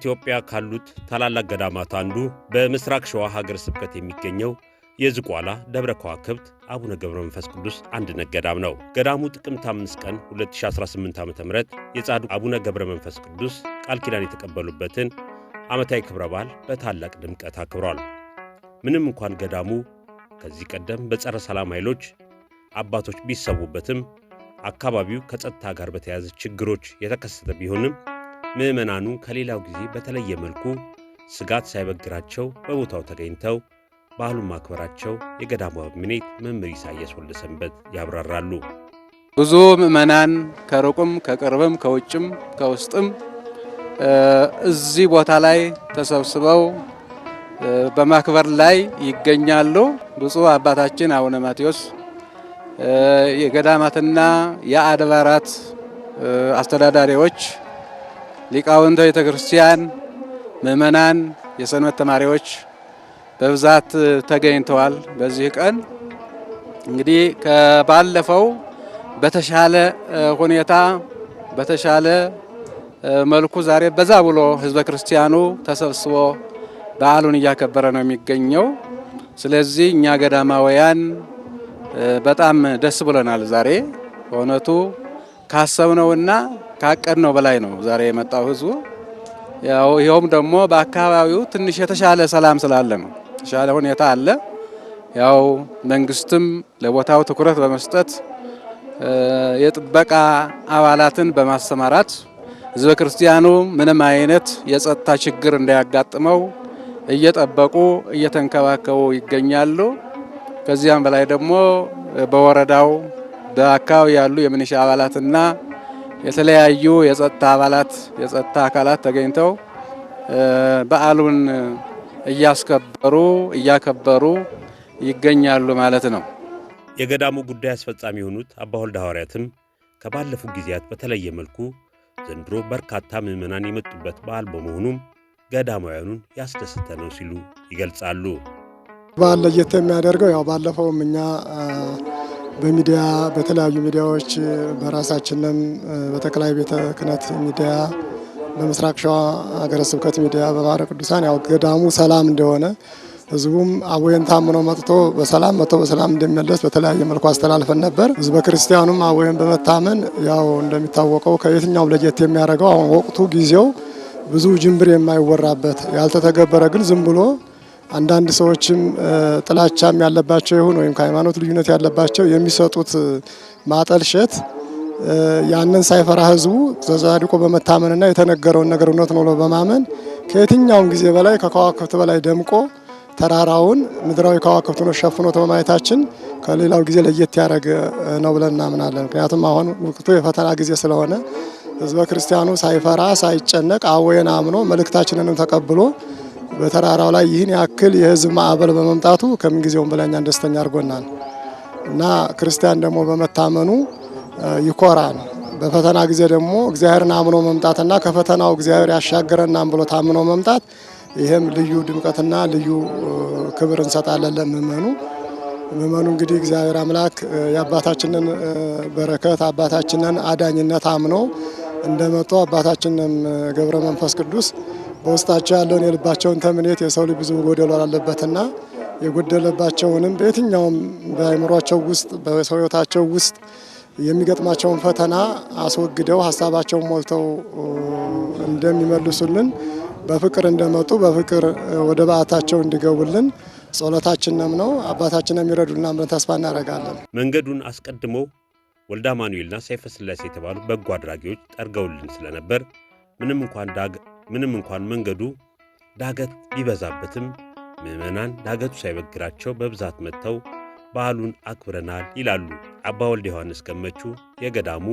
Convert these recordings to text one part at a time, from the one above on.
ኢትዮጵያ ካሉት ታላላቅ ገዳማት አንዱ በምስራቅ ሸዋ ሀገረ ስብከት የሚገኘው የዝቋላ ደብረ ከዋክብት አቡነ ገብረ መንፈስ ቅዱስ አንድነት ገዳም ነው። ገዳሙ ጥቅምት 5 ቀን 2018 ዓ ም የጻድቁ አቡነ ገብረ መንፈስ ቅዱስ ቃል ኪዳን የተቀበሉበትን ዓመታዊ ክብረ በዓል በታላቅ ድምቀት አክብሯል። ምንም እንኳን ገዳሙ ከዚህ ቀደም በጸረ ሰላም ኃይሎች አባቶች ቢሰቡበትም አካባቢው ከጸጥታ ጋር በተያያዘ ችግሮች የተከሰተ ቢሆንም ምዕመናኑ ከሌላው ጊዜ በተለየ መልኩ ስጋት ሳይበግራቸው በቦታው ተገኝተው ባህሉን ማክበራቸው የገዳሙ አበምኔት መምህር ኢሳያስ ወልደሰንበት ያብራራሉ። ብዙ ምዕመናን ከሩቁም ከቅርብም ከውጭም ከውስጥም እዚህ ቦታ ላይ ተሰብስበው በማክበር ላይ ይገኛሉ። ብፁዕ አባታችን አቡነ ማቴዎስ የገዳማትና የአድባራት አስተዳዳሪዎች ሊቃውንተ ቤተ ክርስቲያን፣ ምእመናን፣ የሰንበት ተማሪዎች በብዛት ተገኝተዋል። በዚህ ቀን እንግዲህ ከባለፈው በተሻለ ሁኔታ በተሻለ መልኩ ዛሬ በዛ ብሎ ህዝበ ክርስቲያኑ ተሰብስቦ በዓሉን እያከበረ ነው የሚገኘው። ስለዚህ እኛ ገዳማውያን በጣም ደስ ብሎናል። ዛሬ በእውነቱ ካሰብነውና ነው በላይ ነው ዛሬ የመጣው ህዝቡ። ያው ይኸውም ደግሞ በአካባቢው ትንሽ የተሻለ ሰላም ስላለ ነው፣ የተሻለ ሁኔታ አለ። ያው መንግስትም ለቦታው ትኩረት በመስጠት የጥበቃ አባላትን በማሰማራት ህዝበ ክርስቲያኑ ምንም አይነት የጸጥታ ችግር እንዳያጋጥመው እየጠበቁ እየተንከባከቡ ይገኛሉ። ከዚያም በላይ ደግሞ በወረዳው በአካባቢ ያሉ የምንሻ አባላትና የተለያዩ የጸጥታ አባላት የጸጥታ አካላት ተገኝተው በዓሉን እያስከበሩ እያከበሩ ይገኛሉ ማለት ነው። የገዳሙ ጉዳይ አስፈጻሚ የሆኑት አባ ወልደ ሐዋርያትም ከባለፉ ጊዜያት በተለየ መልኩ ዘንድሮ በርካታ ምዕመናን የመጡበት በዓል በመሆኑም ገዳማውያኑን ያስደስተ ነው ሲሉ ይገልጻሉ። በዓል ለየት የሚያደርገው ያው ባለፈውም እኛ በሚዲያ በተለያዩ ሚዲያዎች በራሳችንም በጠቅላይ ቤተ ክህነት ሚዲያ በምስራቅ ሸዋ ሀገረ ስብከት ሚዲያ በማህበረ ቅዱሳን ያው ገዳሙ ሰላም እንደሆነ ህዝቡም አወይን ታምኖ መጥቶ በሰላም መጥቶ በሰላም እንደሚመለስ በተለያየ መልኩ አስተላልፈን ነበር። ህዝበ ክርስቲያኑም አወይን በመታመን ያው እንደሚታወቀው ከየትኛው ለየት የሚያደርገው አሁን ወቅቱ ጊዜው ብዙ ጅምብር የማይወራበት ያልተተገበረ ግን ዝም ብሎ አንዳንድ ሰዎችም ጥላቻም ያለባቸው ይሁን ወይም ከሃይማኖት ልዩነት ያለባቸው የሚሰጡት ማጠልሸት ያንን ሳይፈራ ህዝቡ ተጻድቆ በመታመንና የተነገረውን ነገር እውነት ነው በማመን ከየትኛውም ጊዜ በላይ ከከዋክብት በላይ ደምቆ ተራራውን ምድራዊ ከዋክብት ነው ሸፍኖ በማየታችን ከሌላው ጊዜ ለየት ያደረገ ነው ብለን እናምናለን። ምክንያቱም አሁን ወቅቱ የፈተና ጊዜ ስለሆነ ህዝበ ክርስቲያኑ ሳይፈራ ሳይጨነቅ አወየን አምኖ መልእክታችንንም ተቀብሎ በተራራው ላይ ይህን ያክል የህዝብ ማዕበል በመምጣቱ ከምንጊዜውም በላይ ደስተኛ አድርጎናል እና ክርስቲያን ደግሞ በመታመኑ ይኮራል። በፈተና ጊዜ ደግሞ እግዚአብሔርን አምኖ መምጣትና ከፈተናው እግዚአብሔር ያሻገረናን ብሎ ታምኖ መምጣት ይህም ልዩ ድምቀትና ልዩ ክብር እንሰጣለን ለምእመኑ። ምእመኑ እንግዲህ እግዚአብሔር አምላክ የአባታችንን በረከት አባታችንን አዳኝነት አምኖ እንደመጡ አባታችንም ገብረ መንፈስ ቅዱስ በውስጣቸው ያለውን የልባቸውን ተምኔት የሰው ልጅ ብዙ ጎደሎ አለበትና የጎደለባቸውንም በየትኛውም በአይምሯቸው ውስጥ በሰው ህይወታቸው ውስጥ የሚገጥማቸውን ፈተና አስወግደው ሀሳባቸውን ሞልተው እንደሚመልሱልን በፍቅር እንደመጡ በፍቅር ወደ በዓታቸው እንዲገቡልን ጸሎታችንም ነው። አባታችን የሚረዱና አምረን ተስፋ እናደርጋለን። መንገዱን አስቀድሞ ወልደ አማኑኤልና ሰይፈ ስላሴ የተባሉ በጎ አድራጊዎች ጠርገውልን ስለነበር ምንም እንኳን ዳግ ምንም እንኳን መንገዱ ዳገት ቢበዛበትም ምዕመናን ዳገቱ ሳይበግራቸው በብዛት መጥተው በዓሉን አክብረናል ይላሉ አባ ወልደ ዮሐንስ ገመቹ የገዳሙ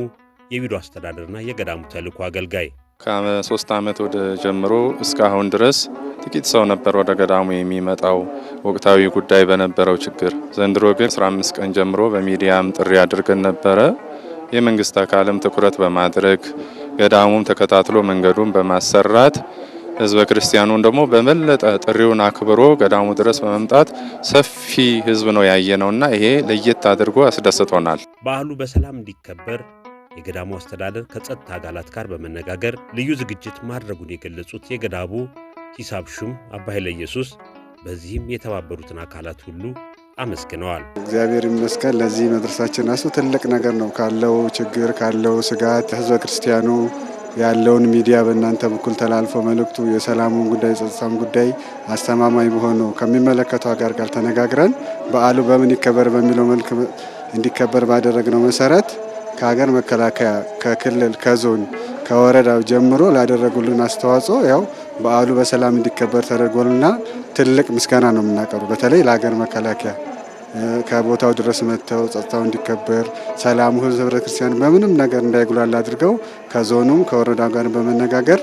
የቢሮ አስተዳደርና የገዳሙ ተልእኮ አገልጋይ። ከሶስት ዓመት ወደ ጀምሮ እስካሁን ድረስ ጥቂት ሰው ነበር ወደ ገዳሙ የሚመጣው ወቅታዊ ጉዳይ በነበረው ችግር። ዘንድሮ ግን 15 ቀን ጀምሮ በሚዲያም ጥሪ አድርገን ነበረ የመንግስት አካልም ትኩረት በማድረግ ገዳሙም ተከታትሎ መንገዱን በማሰራት ህዝበ ክርስቲያኑን ደግሞ በመለጠ ጥሪውን አክብሮ ገዳሙ ድረስ በመምጣት ሰፊ ህዝብ ነው ያየ ነውና ይሄ ለየት አድርጎ አስደስቶናል። በዓሉ በሰላም እንዲከበር የገዳሙ አስተዳደር ከጸጥታ አካላት ጋር በመነጋገር ልዩ ዝግጅት ማድረጉን የገለጹት የገዳሙ ሂሳብ ሹም አባ ኃይለ ኢየሱስ በዚህም የተባበሩትን አካላት ሁሉ አመስግነዋል። እግዚአብሔር ይመስገን ለዚህ መድረሳችን ራሱ ትልቅ ነገር ነው። ካለው ችግር ካለው ስጋት ህዝበ ክርስቲያኑ ያለውን ሚዲያ በእናንተ በኩል ተላልፎ መልእክቱ የሰላሙን ጉዳይ የጸጥታን ጉዳይ አስተማማኝ በሆኑ ከሚመለከተው አጋር ጋር ተነጋግረን በዓሉ በምን ይከበር በሚለው መልክ እንዲከበር ባደረግነው መሰረት ከሀገር መከላከያ፣ ከክልል፣ ከዞን፣ ከወረዳው ጀምሮ ላደረጉልን አስተዋጽኦ ያው በዓሉ በሰላም እንዲከበር ተደርጎልና ትልቅ ምስጋና ነው የምናቀሩ። በተለይ ለሀገር መከላከያ ከቦታው ድረስ መጥተው ጸጥታው እንዲከበር ሰላሙ ህዝብ ህብረ ክርስቲያን በምንም ነገር እንዳይጉላል አድርገው ከዞኑም ከወረዳ ጋር በመነጋገር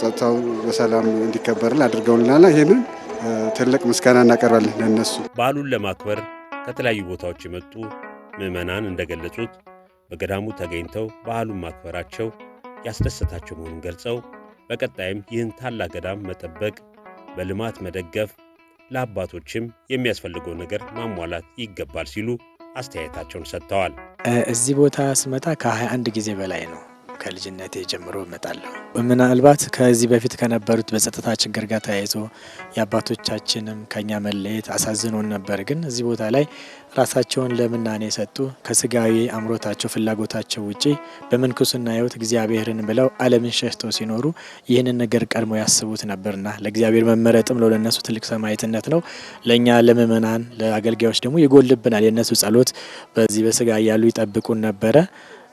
ጸጥታው በሰላም እንዲከበርል አድርገውልናል። ይህንን ትልቅ ምስጋና እናቀርባለን ለነሱ። በዓሉን ለማክበር ከተለያዩ ቦታዎች የመጡ ምዕመናን እንደገለጹት በገዳሙ ተገኝተው በዓሉን ማክበራቸው ያስደሰታቸው መሆኑን ገልጸው በቀጣይም ይህን ታላቅ ገዳም መጠበቅ፣ በልማት መደገፍ፣ ለአባቶችም የሚያስፈልገው ነገር ማሟላት ይገባል ሲሉ አስተያየታቸውን ሰጥተዋል። እዚህ ቦታ ስመጣ ከ21 ጊዜ በላይ ነው ከልጅነቴ ጀምሮ እመጣለሁ። ምናልባት ከዚህ በፊት ከነበሩት በጸጥታ ችግር ጋር ተያይዞ የአባቶቻችንም ከኛ መለየት አሳዝኖን ነበር። ግን እዚህ ቦታ ላይ ራሳቸውን ለምናኔ የሰጡ ከስጋዊ አምሮታቸው ፍላጎታቸው ውጪ በምንኩስና ሕይወት እግዚአብሔርን ብለው ዓለምን ሸሽተው ሲኖሩ ይህንን ነገር ቀድሞ ያስቡት ነበርና ለእግዚአብሔር መመረጥም ለነሱ ትልቅ ሰማዕትነት ነው። ለእኛ ለምእመናን ለአገልጋዮች ደግሞ ይጎልብናል። የእነሱ ጸሎት በዚህ በስጋ እያሉ ይጠብቁን ነበረ።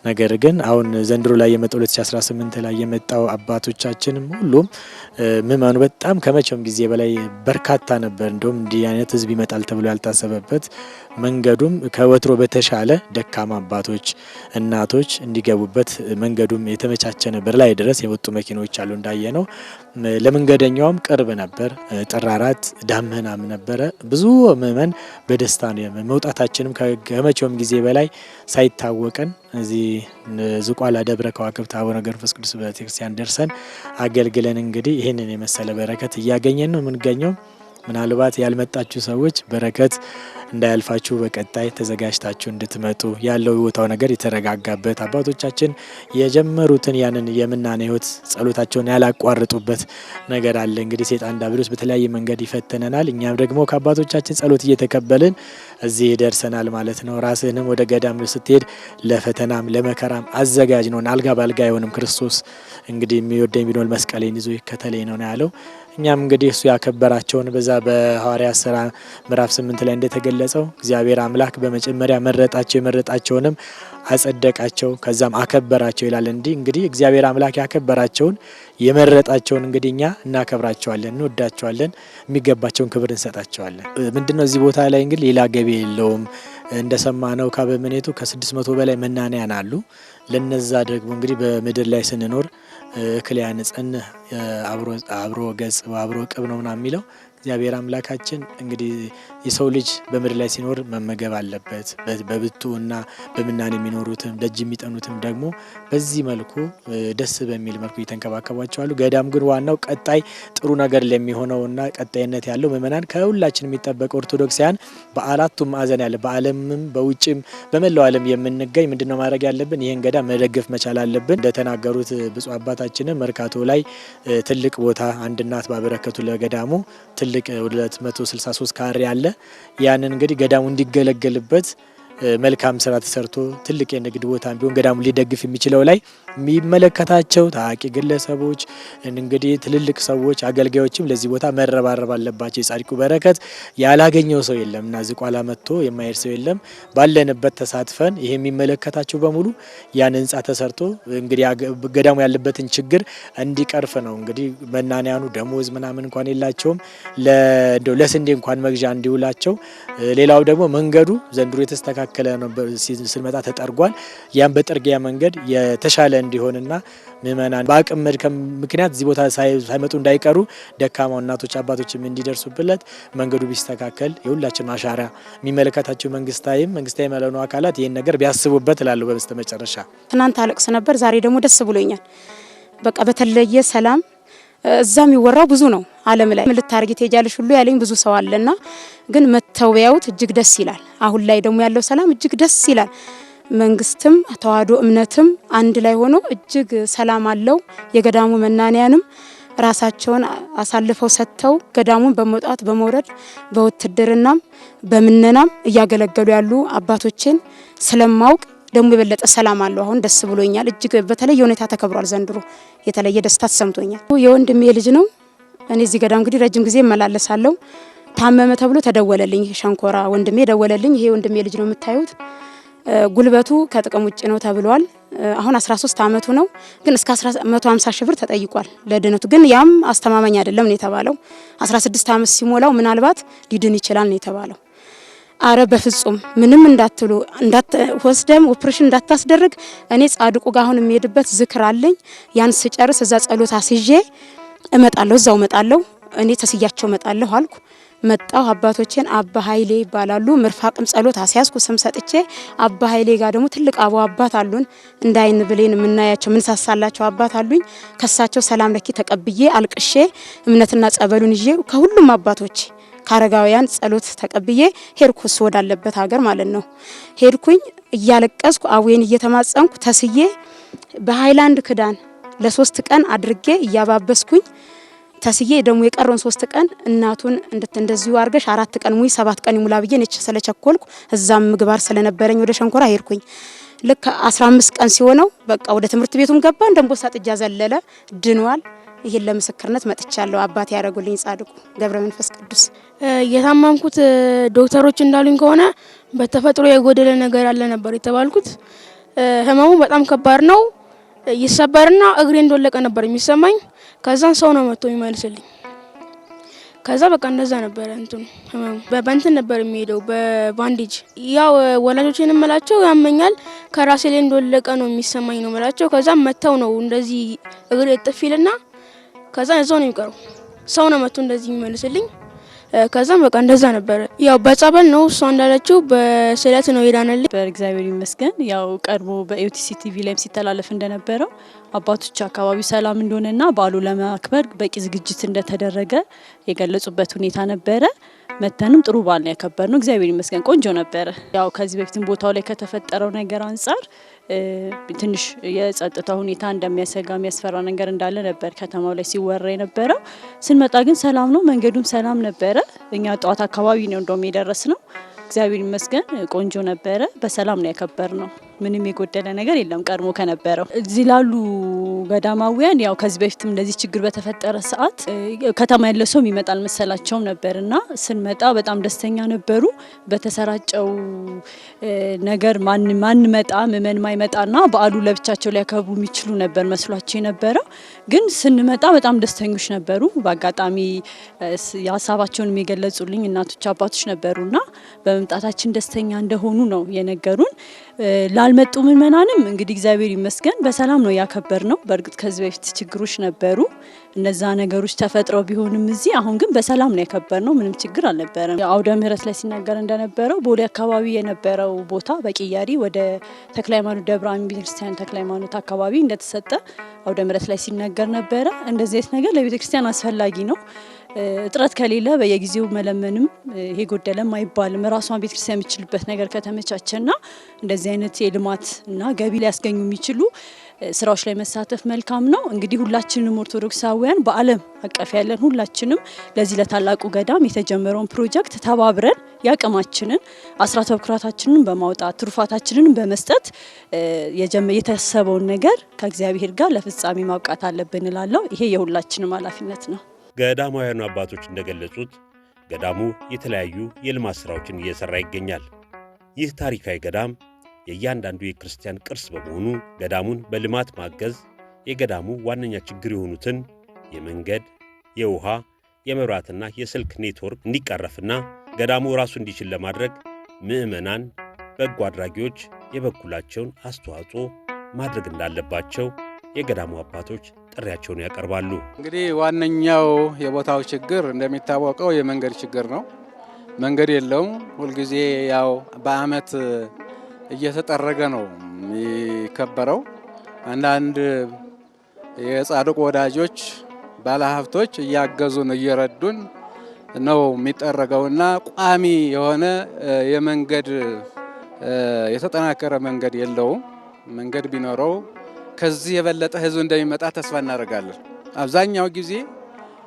ነገር ግን አሁን ዘንድሮ ላይ የመጣው 2018 ላይ የመጣው አባቶቻችንም ሁሉም ምማኑ በጣም ከመቼውም ጊዜ በላይ በርካታ ነበር። እንደውም እንዲህ አይነት ህዝብ ይመጣል ተብሎ ያልታሰበበት መንገዱም ከወትሮ በተሻለ ደካማ አባቶች፣ እናቶች እንዲገቡበት መንገዱም የተመቻቸ ነበር። ላይ ድረስ የወጡ መኪኖች አሉ እንዳየ ነው። ለመንገደኛውም ቅርብ ነበር። ጥራራት ዳመናም ነበረ። ብዙ ምዕመን በደስታ መውጣታችንም ከመቼውም ጊዜ በላይ ሳይታወቀን እዚህ ዝቋላ ደብረ ከዋክብት አቡነ መንፈስ ቅዱስ ቤተክርስቲያን ደርሰን አገልግለን እንግዲህ ይህንን የመሰለ በረከት እያገኘን ነው የምንገኘው። ምናልባት ያልመጣችሁ ሰዎች በረከት እንዳያልፋችሁ በቀጣይ ተዘጋጅታችሁ እንድትመጡ ያለው ቦታው ነገር የተረጋጋበት አባቶቻችን የጀመሩትን ያንን የምናኔ ህይወት ጸሎታቸውን ያላቋርጡበት ነገር አለ። እንግዲህ ሴጣን ዲያብሎስ በተለያየ መንገድ ይፈትነናል። እኛም ደግሞ ከአባቶቻችን ጸሎት እየተቀበልን እዚህ ደርሰናል ማለት ነው። ራስህንም ወደ ገዳም ስትሄድ ለፈተናም ለመከራም አዘጋጅ ነውን። አልጋ ባልጋ አይሆንም። ክርስቶስ እንግዲህ የሚወደኝ ቢኖር መስቀሌን ይዞ ይከተለኝ ነው ያለው። እኛም እንግዲህ እሱ ያከበራቸውን በዛ በሐዋርያ ስራ ምዕራፍ ስምንት ላይ እንደተገለጸው እግዚአብሔር አምላክ በመጀመሪያ መረጣቸው የመረጣቸውንም አጸደቃቸው ከዛም አከበራቸው ይላል። እንዲ እንግዲህ እግዚአብሔር አምላክ ያከበራቸውን የመረጣቸውን እንግዲህ እኛ እናከብራቸዋለን፣ እንወዳቸዋለን፣ የሚገባቸውን ክብር እንሰጣቸዋለን። ምንድነው እዚህ ቦታ ላይ እንግዲህ ሌላ ገቢ የለውም። ነው ካበምኔቱ ከስድስት መቶ በላይ መናንያን አሉ። ለነዛ ደግሞ እንግዲህ በምድር ላይ ስንኖር እክል ያንጽንህ አብሮ ገጽ አብሮ ቅብ ነው ምናምን የሚለው እግዚአብሔር አምላካችን እንግዲህ የሰው ልጅ በምድር ላይ ሲኖር መመገብ አለበት። እና በምናን የሚኖሩትም ደጅ የሚጠኑትም ደግሞ በዚህ መልኩ ደስ በሚል መልኩ እየተንከባከቧቸዋሉ። ገዳም ግን ዋናው ቀጣይ ጥሩ ነገር እና ቀጣይነት ያለው ምእመናን ከሁላችን የሚጠበቅ ኦርቶዶክሳውያን በአራቱም ማዕዘን ያለ በዓለምም በውጭም በመላው ዓለም የምንገኝ ምንድነው ማድረግ ያለብን? ይህን ገዳም መደገፍ መቻል አለብን። እንደተናገሩት ብፁዕ አባታችንም መርካቶ ላይ ትልቅ ቦታ አንድ እናት ባበረከቱ ለገዳሙ ትልቅ 263 ካሬ አለ ያንን እንግዲህ ገዳሙ እንዲገለገልበት መልካም ስራ ተሰርቶ ትልቅ የንግድ ቦታ ቢሆን ገዳሙ ሊደግፍ የሚችለው ላይ የሚመለከታቸው ታዋቂ ግለሰቦች፣ እንግዲህ ትልልቅ ሰዎች፣ አገልጋዮችም ለዚህ ቦታ መረባረብ አለባቸው። የጻድቁ በረከት ያላገኘው ሰው የለም እና ዝቋላ መጥቶ የማይሄድ ሰው የለም። ባለንበት ተሳትፈን ይሄ የሚመለከታቸው በሙሉ ያን ህንጻ ተሰርቶ እንግዲህ ገዳሙ ያለበትን ችግር እንዲቀርፍ ነው። እንግዲህ መናንያኑ ደሞዝ ምናምን እንኳን የላቸውም ለስንዴ እንኳን መግዣ እንዲውላቸው። ሌላው ደግሞ መንገዱ ዘንድሮ የተስተካከለ እየተስተካከለ ነው ስንመጣ ተጠርጓል። ያም በጥርጊያ መንገድ የተሻለ እንዲሆንና ምእመናን በአቅም መድከም ምክንያት እዚህ ቦታ ሳይመጡ እንዳይቀሩ ደካማው እናቶች አባቶችም እንዲደርሱበት መንገዱ ቢስተካከል የሁላችን አሻራ የሚመለከታቸው መንግስታዊም መንግስታዊ ያልሆኑ አካላት ይህን ነገር ቢያስቡበት እላለሁ። መጨረሻ ትናንት አለቅስ ነበር፣ ዛሬ ደግሞ ደስ ብሎኛል። በቃ በተለየ ሰላም እዛም የሚወራው ብዙ ነው። ዓለም ላይ ልታርጊ ትሄጃለሽ ሁሉ ያለኝ ብዙ ሰው አለና ግን መተውያውት እጅግ ደስ ይላል። አሁን ላይ ደግሞ ያለው ሰላም እጅግ ደስ ይላል። መንግስትም ተዋህዶ እምነትም አንድ ላይ ሆኖ እጅግ ሰላም አለው። የገዳሙ መናንያንም ራሳቸውን አሳልፈው ሰጥተው ገዳሙን በመውጣት በመውረድ በውትድርናም በምነናም እያገለገሉ ያሉ አባቶችን ስለማውቅ ደግሞ የበለጠ ሰላም አለው። አሁን ደስ ብሎኛል። እጅግ በተለየ ሁኔታ ተከብሯል። ዘንድሮ የተለየ ደስታ ተሰምቶኛል። የወንድሜ ልጅ ነው። እኔ እዚህ ገዳም እንግዲህ ረጅም ጊዜ እመላለሳለሁ። ታመመ ተብሎ ተደወለልኝ። ሸንኮራ ወንድሜ ደወለልኝ። ይሄ ወንድሜ ልጅ ነው የምታዩት። ጉልበቱ ከጥቅም ውጭ ነው ተብሏል። አሁን 13 አመቱ ነው፣ ግን እስከ 150 ሺህ ብር ተጠይቋል ለድነቱ። ግን ያም አስተማማኝ አይደለም ነው የተባለው። 16 ዓመት ሲሞላው ምናልባት ሊድን ይችላል ነው የተባለው። አረ በፍጹም ምንም እንዳትሉ ወስደም ኦፕሬሽን እንዳታስደርግ። እኔ ጻድቁ ጋር አሁን የሚሄድበት ዝክር አለኝ። ያን ስጨርስ እዛ ጸሎት አስዤ እመጣለሁ፣ እዛው እመጣለሁ። እኔ ተስያቸው እመጣለሁ አልኩ። መጣሁ። አባቶቼን አባ ኃይሌ ይባላሉ። ምርፋቅም ጸሎት አስያዝኩ ስም ሰጥቼ። አባ ኃይሌ ጋር ደግሞ ትልቅ አቦ አባት አሉን፣ እንዳይን ብሌን የምናያቸው ምንሳሳላቸው አባት አሉኝ። ከሳቸው ሰላም ለኪ ተቀብዬ አልቅሼ እምነትና ጸበሉን ይዤ ከሁሉም አባቶቼ ከአረጋውያን ጸሎት ተቀብዬ ሄድኩስ ወዳለበት ሀገር ማለት ነው። ሄድኩኝ እያለቀስኩ አዌን እየተማጸንኩ ተስዬ በሃይላንድ ክዳን ለሶስት ቀን አድርጌ እያባበስኩኝ ተስዬ ደግሞ የቀረውን ሶስት ቀን እናቱን እንደዚሁ አርገሽ አራት ቀን ሙይ ሰባት ቀን ይሙላ ብዬ ነች ስለቸኮልኩ እዛም ምግባር ስለነበረኝ ወደ ሸንኮራ ሄድኩኝ። ልክ 15 ቀን ሲሆነው በቃ ወደ ትምህርት ቤቱም ገባ። ደንቦሳ ጥጃ ዘለለ ድኗል። ይሄን ለምስክርነት መጥቻለሁ። አባት ያደረጉልኝ ጻድቁ ገብረ መንፈስ ቅዱስ። የታማምኩት ዶክተሮች እንዳሉኝ ከሆነ በተፈጥሮ የጎደለ ነገር አለ ነበር የተባልኩት። ህመሙ በጣም ከባድ ነው። ይሰበርና እግሬ እንደወለቀ ነበር የሚሰማኝ። ከዛን ሰው ነው መጥቶ የሚመልስልኝ። ከዛ በቃ እንደዛ ነበረ እንትኑ ህመሙ በእንትን ነበር የሚሄደው በባንዴጅ ያው ወላጆችን እምላቸው ያመኛል ከራሴ ላይ እንደወለቀ ነው የሚሰማኝ ነው ምላቸው። ከዛ መተው ነው እንደዚህ እግር ጥፊልና ከዛ እዛው ነው የሚቀረው ሰው ነው መቶ እንደዚህ የሚመልስልኝ ከዛም በቃ እንደዛ ነበረ። ያው በጸበል ነው እሷ እንዳለችው በስለት ነው ሄዳነልኝ። በእግዚአብሔር ይመስገን ያው ቀድሞ በኢኦቲሲ ቲቪ ላይም ሲተላለፍ እንደነበረው አባቶች አካባቢው ሰላም እንደሆነና በዓሉ ለማክበር በቂ ዝግጅት እንደተደረገ የገለጹበት ሁኔታ ነበረ። መተንም ጥሩ በዓል ነው ያከበር ነው። እግዚአብሔር ይመስገን ቆንጆ ነበረ። ያው ከዚህ በፊትም ቦታው ላይ ከተፈጠረው ነገር አንጻር ትንሽ የጸጥታ ሁኔታ እንደሚያሰጋ የሚያስፈራ ነገር እንዳለ ነበር ከተማው ላይ ሲወራ የነበረው። ስንመጣ ግን ሰላም ነው፣ መንገዱም ሰላም ነበረ። እኛ ጠዋት አካባቢ ነው እንደውም የደረስ ነው። እግዚአብሔር ይመስገን ቆንጆ ነበረ። በሰላም ነው ያከበር ነው። ምንም የጎደለ ነገር የለም ቀድሞ ከነበረው። እዚህ ላሉ ገዳማውያን ያው ከዚህ በፊትም እንደዚህ ችግር በተፈጠረ ሰዓት ከተማ ያለ ሰው ይመጣል መሰላቸውም ነበርና ስንመጣ በጣም ደስተኛ ነበሩ። በተሰራጨው ነገር ማን ማን መጣ ማይመጣ ማይመጣና በዓሉ ለብቻቸው ሊያከቡ የሚችሉ ነበር መስሏቸው የነበረው። ግን ስንመጣ በጣም ደስተኞች ነበሩ። በአጋጣሚ ሀሳባቸውን የሚገለጹልኝ እናቶች አባቶች ነበሩና በመምጣታችን ደስተኛ እንደሆኑ ነው የነገሩን። ላልመጡ ምዕመናንም እንግዲህ እግዚአብሔር ይመስገን በሰላም ነው ያከበር ነው። በእርግጥ ከዚህ በፊት ችግሮች ነበሩ። እነዛ ነገሮች ተፈጥረው ቢሆንም እዚህ አሁን ግን በሰላም ነው ያከበር ነው። ምንም ችግር አልነበረም። አውደ ምሕረት ላይ ሲናገር እንደነበረው ቦሌ አካባቢ የነበረው ቦታ በቅያሪ ወደ ተክለ ሃይማኖት ደብረ አሚን ቤተክርስቲያን ተክለ ሃይማኖት አካባቢ እንደተሰጠ አውደ ምሕረት ላይ ሲናገር ነበረ። እንደዚህ አይነት ነገር ለቤተክርስቲያን አስፈላጊ ነው። እጥረት ከሌለ በየጊዜው መለመንም ይሄ ጎደለም አይባልም። ራሷን ቤተክርስቲያን የምችልበት ነገር ከተመቻቸና እንደዚህ አይነት የልማት እና ገቢ ሊያስገኙ የሚችሉ ስራዎች ላይ መሳተፍ መልካም ነው። እንግዲህ ሁላችንም ኦርቶዶክሳውያን በዓለም አቀፍ ያለን ሁላችንም ለዚህ ለታላቁ ገዳም የተጀመረውን ፕሮጀክት ተባብረን የአቅማችንን አስራት በኩራታችንን በማውጣት ትሩፋታችንን በመስጠት የተሰበውን ነገር ከእግዚአብሔር ጋር ለፍጻሜ ማብቃት አለብን እላለሁ። ይሄ የሁላችንም ኃላፊነት ነው። ገዳማውያኑ አባቶች እንደገለጹት ገዳሙ የተለያዩ የልማት ሥራዎችን እየሠራ ይገኛል። ይህ ታሪካዊ ገዳም የእያንዳንዱ የክርስቲያን ቅርስ በመሆኑ ገዳሙን በልማት ማገዝ የገዳሙ ዋነኛ ችግር የሆኑትን የመንገድ፣ የውሃ፣ የመብራትና የስልክ ኔትወርክ እንዲቀረፍና ገዳሙ ራሱ እንዲችል ለማድረግ ምዕመናን፣ በጎ አድራጊዎች የበኩላቸውን አስተዋጽኦ ማድረግ እንዳለባቸው የገዳሙ አባቶች ጥሪያቸውን ያቀርባሉ። እንግዲህ ዋነኛው የቦታው ችግር እንደሚታወቀው የመንገድ ችግር ነው። መንገድ የለውም። ሁልጊዜ ያው በአመት እየተጠረገ ነው የሚከበረው። አንዳንድ የጻድቁ ወዳጆች ባለሀብቶች እያገዙን እየረዱን ነው የሚጠረገውና ቋሚ የሆነ የመንገድ የተጠናከረ መንገድ የለውም። መንገድ ቢኖረው ከዚህ የበለጠ ህዝብ እንደሚመጣ ተስፋ እናደርጋለን። አብዛኛው ጊዜ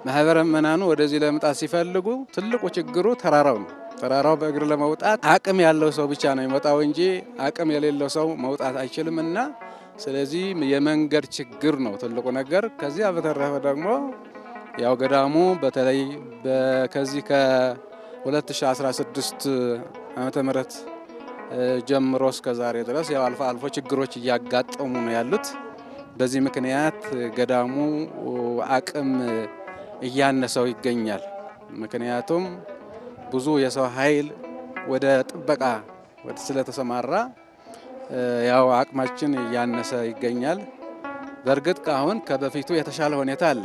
ማህበረ መናኑ ወደዚህ ለመምጣት ሲፈልጉ ትልቁ ችግሩ ተራራው ነው። ተራራው በእግር ለመውጣት አቅም ያለው ሰው ብቻ ነው የሚመጣው እንጂ አቅም የሌለው ሰው መውጣት አይችልም እና ስለዚህ የመንገድ ችግር ነው ትልቁ ነገር። ከዚያ በተረፈ ደግሞ ያው ገዳሙ በተለይ ከዚህ ከ2016 ዓመተ ምህረት ጀምሮ እስከ ዛሬ ድረስ ያው አልፎ አልፎ ችግሮች እያጋጠሙ ነው ያሉት። በዚህ ምክንያት ገዳሙ አቅም እያነሰው ይገኛል። ምክንያቱም ብዙ የሰው ኃይል ወደ ጥበቃ ስለተሰማራ ያው አቅማችን እያነሰ ይገኛል። በእርግጥ አሁን ከበፊቱ የተሻለ ሁኔታ አለ፣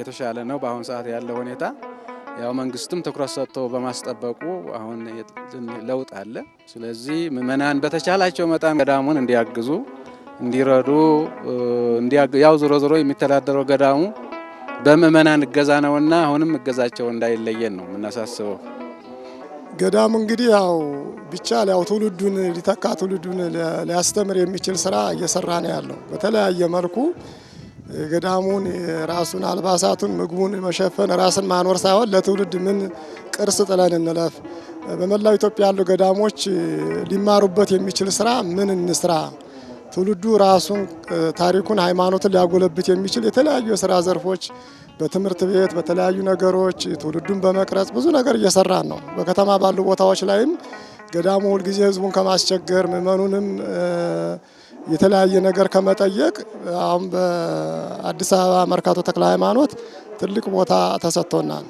የተሻለ ነው በአሁኑ ሰዓት ያለው ሁኔታ ያው መንግስትም ትኩረት ሰጥቶ በማስጠበቁ አሁን ለውጥ አለ። ስለዚህ ምእመናን በተቻላቸው መጠን ገዳሙን እንዲያግዙ እንዲረዱ፣ ያው ዞሮ ዞሮ የሚተዳደረው ገዳሙ በምእመናን እገዛ ነውና አሁንም እገዛቸው እንዳይለየን ነው የምናሳስበው። ገዳሙ እንግዲህ ያው ብቻ ያው ትውልዱን ሊተካ ትውልዱን ሊያስተምር የሚችል ስራ እየሰራ ነው ያለው በተለያየ መልኩ የገዳሙን የራሱን አልባሳቱን ምግቡን መሸፈን ራስን ማኖር ሳይሆን ለትውልድ ምን ቅርስ ጥለን እንለፍ፣ በመላው ኢትዮጵያ ያሉ ገዳሞች ሊማሩበት የሚችል ስራ ምን እንስራ፣ ትውልዱ ራሱን ታሪኩን፣ ሃይማኖትን ሊያጎለብት የሚችል የተለያዩ የስራ ዘርፎች በትምህርት ቤት በተለያዩ ነገሮች ትውልዱን በመቅረጽ ብዙ ነገር እየሰራን ነው። በከተማ ባሉ ቦታዎች ላይም ገዳሙ ሁልጊዜ ህዝቡን ከማስቸገር ምዕመኑንም የተለያየ ነገር ከመጠየቅ አሁን በአዲስ አበባ መርካቶ ተክለ ሃይማኖት ትልቅ ቦታ ተሰጥቶናል።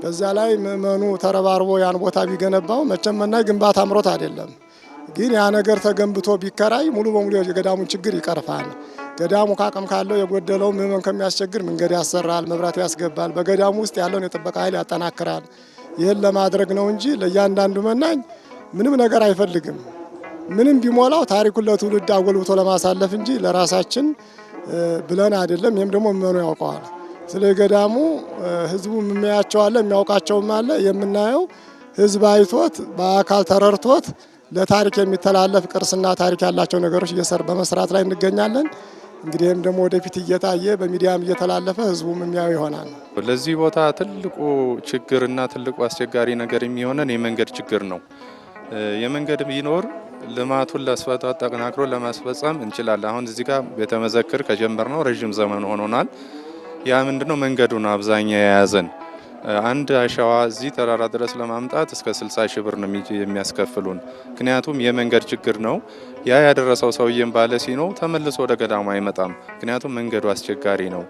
በዛ ላይ ምእመኑ ተረባርቦ ያን ቦታ ቢገነባው መቼም መናይ ግንባታ አምሮት አይደለም፣ ግን ያ ነገር ተገንብቶ ቢከራይ ሙሉ በሙሉ የገዳሙን ችግር ይቀርፋል። ገዳሙ ከአቅም ካለው የጎደለው ምእመን ከሚያስቸግር መንገድ ያሰራል፣ መብራት ያስገባል፣ በገዳሙ ውስጥ ያለውን የጥበቃ ኃይል ያጠናክራል። ይህን ለማድረግ ነው እንጂ ለእያንዳንዱ መናኝ ምንም ነገር አይፈልግም። ምንም ቢሞላው ታሪኩን ለትውልድ አጎልብቶ ለማሳለፍ እንጂ ለራሳችን ብለን አይደለም። ይህም ደግሞ መኑ ያውቀዋል። ስለ ገዳሙ ህዝቡ የሚያያቸው አለ፣ የሚያውቃቸውም አለ። የምናየው ህዝብ አይቶት በአካል ተረድቶት ለታሪክ የሚተላለፍ ቅርስና ታሪክ ያላቸው ነገሮች እየሰር በመስራት ላይ እንገኛለን። እንግዲህም ደግሞ ወደፊት እየታየ በሚዲያም እየተላለፈ ህዝቡም የሚያዩ ይሆናል። ለዚህ ቦታ ትልቁ ችግርና ትልቁ አስቸጋሪ ነገር የሚሆነን የመንገድ ችግር ነው። የመንገድ ቢኖር ልማቱን ለስፈቱ አጠናክሮ ለማስፈጸም እንችላለን። አሁን እዚህ ጋር ቤተ ከጀመር ነው ረዥም ዘመን ሆኖናል። ያ ምንድነው መንገዱን አብዛኛው የያዘን አንድ አሸዋ እዚህ ተራራ ድረስ ለማምጣት እስከ 60 ሺህ ብር ነው የሚያስከፍሉን። ምክንያቱም የመንገድ ችግር ነው። ያ ያደረሰው ሰውዬም ባለ ሲኖ ተመልሶ ወደ ገዳሙ አይመጣም። ምክንያቱም መንገዱ አስቸጋሪ ነው።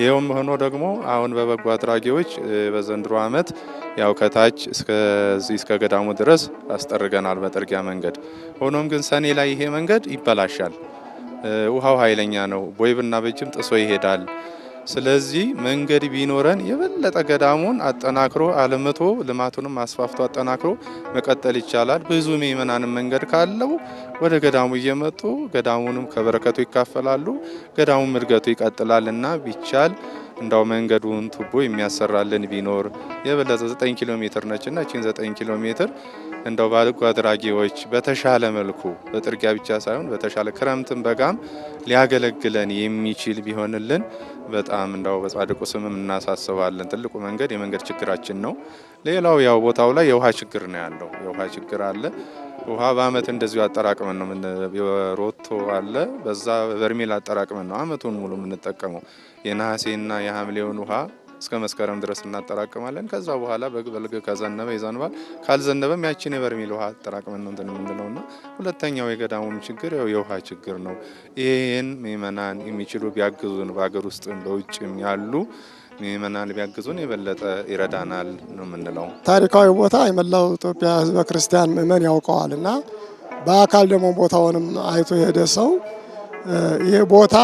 ይኸውም ሆኖ ደግሞ አሁን በበጎ አድራጊዎች በዘንድሮ ዓመት ያው ከታች እስከዚህ እስከ ገዳሙ ድረስ አስጠርገናል በጥርጊያ መንገድ። ሆኖም ግን ሰኔ ላይ ይሄ መንገድ ይበላሻል። ውሃው ኃይለኛ ነው። ቦይ ብና በጅም ጥሶ ይሄዳል። ስለዚህ መንገድ ቢኖረን የበለጠ ገዳሙን አጠናክሮ አልምቶ ልማቱንም አስፋፍቶ አጠናክሮ መቀጠል ይቻላል። ብዙ ምእመናንም መንገድ ካለው ወደ ገዳሙ እየመጡ ገዳሙንም ከበረከቱ ይካፈላሉ። ገዳሙም እድገቱ ይቀጥላል እና ቢቻል እንዳው መንገዱን ቱቦ የሚያሰራልን ቢኖር የበለጠ 9 ኪሎ ሜትር ነችና ቺን 9 ኪሎ ሜትር እንደው ባልጎ አድራጊዎች በተሻለ መልኩ በጥርጊያ ብቻ ሳይሆን በተሻለ ክረምትን በጋም ሊያገለግለን የሚችል ቢሆንልን በጣም እንዳው በጻድቁ ስምም እናሳስባለን። ትልቁ መንገድ የመንገድ ችግራችን ነው። ሌላው ያው ቦታው ላይ የውሃ ችግር ነው ያለው። የውሃ ችግር አለ። ውሃ በአመት እንደዚሁ አጠራቅመን ነው ሮቶ አለ። በዛ በርሜል አጠራቅመን ነው አመቱን ሙሉ የምንጠቀመው የነሐሴና የሐምሌውን ውሃ እስከ መስከረም ድረስ እናጠራቅማለን። ከዛ በኋላ በልግ ከዘነበ ይዘንባል፣ ካልዘነበም ያችን የበርሜል ውሃ አጠራቅመን ነው እንትን የምንለው እና ሁለተኛው የገዳሙም ችግር ያው የውሃ ችግር ነው። ይህን ምእመናን የሚችሉ ቢያግዙን በሀገር ውስጥም በውጭም ያሉ ምእመናን ቢያግዙን የበለጠ ይረዳናል ነው የምንለው። ታሪካዊ ቦታ የመላው ኢትዮጵያ ህዝበ ክርስቲያን ምእመን ያውቀዋል እና በአካል ደግሞ ቦታውንም አይቶ የሄደ ሰው ይህ ቦታ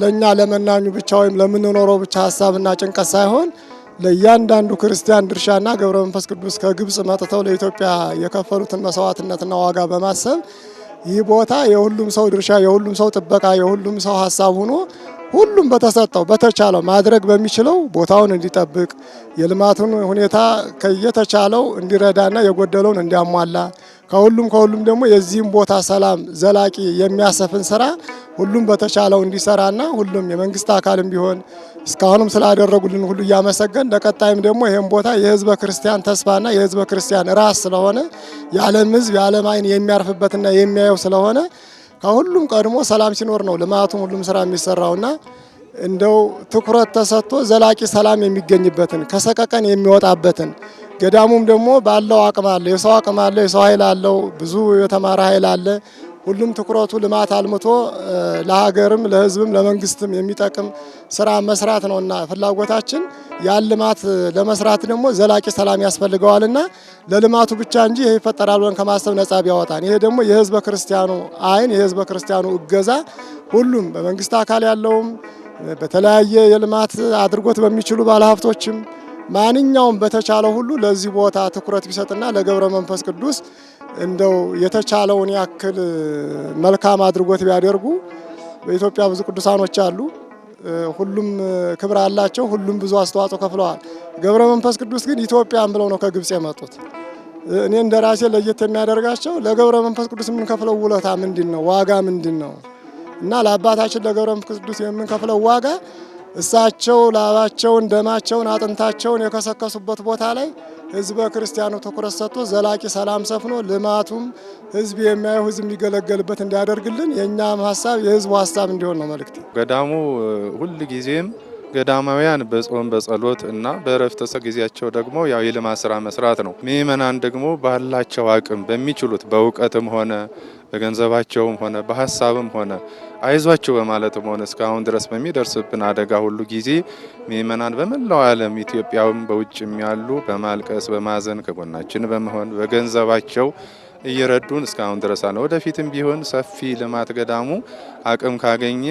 ለእኛ ለመናኙ ብቻ ወይም ለምንኖረው ብቻ ሀሳብና ጭንቀት ሳይሆን ለእያንዳንዱ ክርስቲያን ድርሻና ገብረ መንፈስ ቅዱስ ከግብፅ መጥተው ለኢትዮጵያ የከፈሉትን መስዋዕትነትና ዋጋ በማሰብ ይህ ቦታ የሁሉም ሰው ድርሻ፣ የሁሉም ሰው ጥበቃ፣ የሁሉም ሰው ሀሳብ ሆኖ ሁሉም በተሰጠው በተቻለው ማድረግ በሚችለው ቦታውን እንዲጠብቅ የልማቱን ሁኔታ ከየተቻለው እንዲረዳና የጎደለውን እንዲያሟላ ከሁሉም ከሁሉም ደግሞ የዚህም ቦታ ሰላም ዘላቂ የሚያሰፍን ስራ ሁሉም በተቻለው እንዲሰራና ሁሉም የመንግስት አካልም ቢሆን እስካሁንም ስላደረጉልን ሁሉ እያመሰገን ለቀጣይም ደግሞ ይህም ቦታ የህዝበ ክርስቲያን ተስፋና የህዝበ ክርስቲያን ራስ ስለሆነ የዓለም ህዝብ የዓለም አይን የሚያርፍበትና የሚያየው ስለሆነ ከሁሉም ቀድሞ ሰላም ሲኖር ነው ልማቱም ሁሉም ስራ የሚሰራውና እንደው ትኩረት ተሰጥቶ ዘላቂ ሰላም የሚገኝበትን ከሰቀቀን የሚወጣበትን ገዳሙም ደግሞ ባለው አቅም አለ፣ የሰው አቅም አለ፣ የሰው ኃይል አለው፣ ብዙ የተማረ ኃይል አለ። ሁሉም ትኩረቱ ልማት አልምቶ ለሀገርም ለሕዝብም ለመንግስትም የሚጠቅም ስራ መስራት ነውና ፍላጎታችን ያን ልማት ለመስራት ደግሞ ዘላቂ ሰላም ያስፈልገዋልና ለልማቱ ብቻ እንጂ ይሄ ይፈጠራል ብለን ከማሰብ ነጻ ቢያወጣን፣ ይሄ ደግሞ የህዝበ ክርስቲያኑ አይን የህዝበ ክርስቲያኑ እገዛ ሁሉም በመንግስት አካል ያለውም በተለያየ የልማት አድርጎት በሚችሉ ባለሀብቶችም ማንኛውም በተቻለ ሁሉ ለዚህ ቦታ ትኩረት ቢሰጥና ለገብረ መንፈስ ቅዱስ እንደው የተቻለውን ያክል መልካም አድርጎት ቢያደርጉ በኢትዮጵያ ብዙ ቅዱሳኖች አሉ። ሁሉም ክብር አላቸው። ሁሉም ብዙ አስተዋጽኦ ከፍለዋል። ገብረ መንፈስ ቅዱስ ግን ኢትዮጵያን ብለው ነው ከግብፅ የመጡት። እኔ እንደ ራሴ ለየት የሚያደርጋቸው ለገብረ መንፈስ ቅዱስ የምንከፍለው ውለታ ምንድን ነው? ዋጋ ምንድን ነው? እና ለአባታችን ለገብረ መንፈስ ቅዱስ የምንከፍለው ዋጋ እሳቸው ላባቸውን፣ ደማቸውን፣ አጥንታቸውን የከሰከሱበት ቦታ ላይ ህዝበ ክርስቲያኑ ትኩረት ሰጥቶ ዘላቂ ሰላም ሰፍኖ ልማቱም ህዝብ የሚያየው ህዝብ የሚገለገልበት እንዲያደርግልን የእኛም ሀሳብ የህዝቡ ሀሳብ እንዲሆን ነው መልእክት። ገዳሙ ሁል ጊዜም ገዳማውያን በጾም በጸሎት እና በእረፍት ጊዜያቸው ደግሞ ያው የልማት ስራ መስራት ነው። ምእመናን ደግሞ ባላቸው አቅም በሚችሉት በእውቀትም ሆነ በገንዘባቸውም ሆነ በሀሳብም ሆነ አይዟቸው በማለትም ሆነ እስካሁን ድረስ በሚደርስብን አደጋ ሁሉ ጊዜ ምእመናን በመላው ዓለም ኢትዮጵያውም በውጭም ያሉ በማልቀስ በማዘን ከጎናችን በመሆን በገንዘባቸው እየረዱን እስካሁን ድረስ አለ። ወደፊትም ቢሆን ሰፊ ልማት ገዳሙ አቅም ካገኘ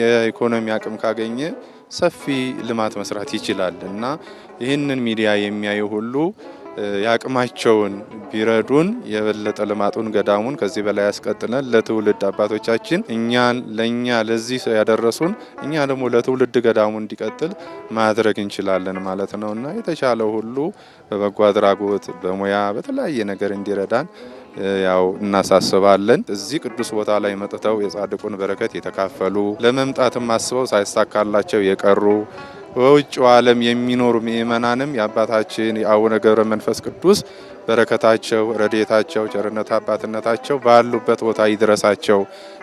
የኢኮኖሚ አቅም ካገኘ ሰፊ ልማት መስራት ይችላል እና ይህንን ሚዲያ የሚያዩ ሁሉ የአቅማቸውን ቢረዱን የበለጠ ልማጡን ገዳሙን ከዚህ በላይ ያስቀጥለን። ለትውልድ አባቶቻችን እኛን ለእኛ ለዚህ ሰው ያደረሱን እኛ ደግሞ ለትውልድ ገዳሙ እንዲቀጥል ማድረግ እንችላለን ማለት ነው እና የተቻለው ሁሉ በበጎ አድራጎት በሙያ በተለያየ ነገር እንዲረዳን ያው እናሳስባለን። እዚህ ቅዱስ ቦታ ላይ መጥተው የጻድቁን በረከት የተካፈሉ ለመምጣትም አስበው ሳይሳካላቸው የቀሩ በውጭው ዓለም የሚኖሩ ምእመናንም የአባታችን የአቡነ ገብረ መንፈስ ቅዱስ በረከታቸው፣ ረዴታቸው፣ ቸርነት አባትነታቸው ባሉበት ቦታ ይድረሳቸው።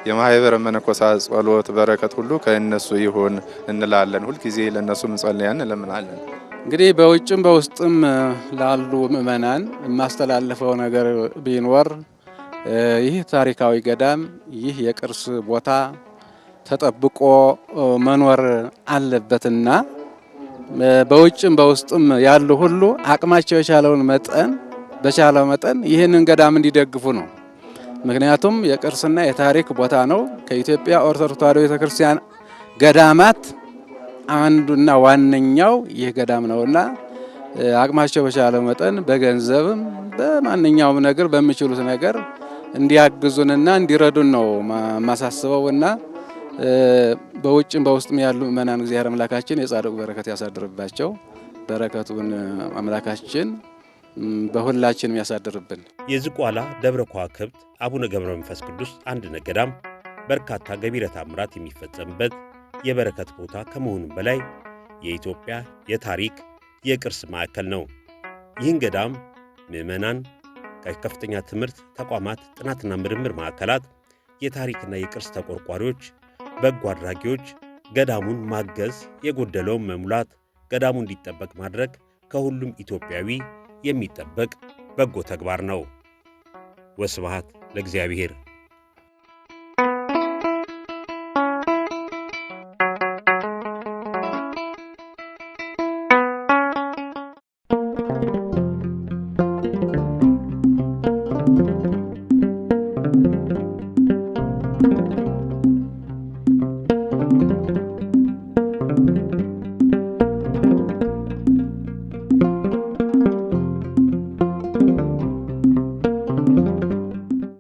የማህበረ መነኮሳት ጸሎት፣ በረከት ሁሉ ከእነሱ ይሁን እንላለን። ሁልጊዜ ለእነሱ እንጸልያን እንለምናለን። እንግዲህ በውጭም በውስጥም ላሉ ምእመናን የማስተላልፈው ነገር ቢኖር ይህ ታሪካዊ ገዳም ይህ የቅርስ ቦታ ተጠብቆ መኖር አለበትና በውጭም በውስጥም ያሉ ሁሉ አቅማቸው የቻለውን መጠን በቻለው መጠን ይህንን ገዳም እንዲደግፉ ነው። ምክንያቱም የቅርስና የታሪክ ቦታ ነው። ከኢትዮጵያ ኦርቶዶክስ ተዋሕዶ ቤተክርስቲያን ገዳማት አንዱና ዋነኛው ይህ ገዳም ነውና አቅማቸው በቻለው መጠን በገንዘብም በማንኛውም ነገር በሚችሉት ነገር እንዲያግዙንና እንዲረዱን ነው ማሳስበውና በውጭም በውስጥም ያሉ ምእመናን እግዚአብሔር አምላካችን የጻድቁ በረከት ያሳድርባቸው። በረከቱን አምላካችን በሁላችንም ያሳድርብን። የዝቋላ ደብረ ከዋክብት አቡነ ገብረ መንፈስ ቅዱስ አንድ ነገዳም በርካታ ገቢረ ተአምራት የሚፈጸምበት የበረከት ቦታ ከመሆኑም በላይ የኢትዮጵያ የታሪክ የቅርስ ማዕከል ነው። ይህን ገዳም ምዕመናን ከከፍተኛ ትምህርት ተቋማት፣ ጥናትና ምርምር ማዕከላት፣ የታሪክና የቅርስ ተቆርቋሪዎች በጎ አድራጊዎች ገዳሙን ማገዝ፣ የጎደለውን መሙላት፣ ገዳሙ እንዲጠበቅ ማድረግ ከሁሉም ኢትዮጵያዊ የሚጠበቅ በጎ ተግባር ነው። ወስብሐት ለእግዚአብሔር።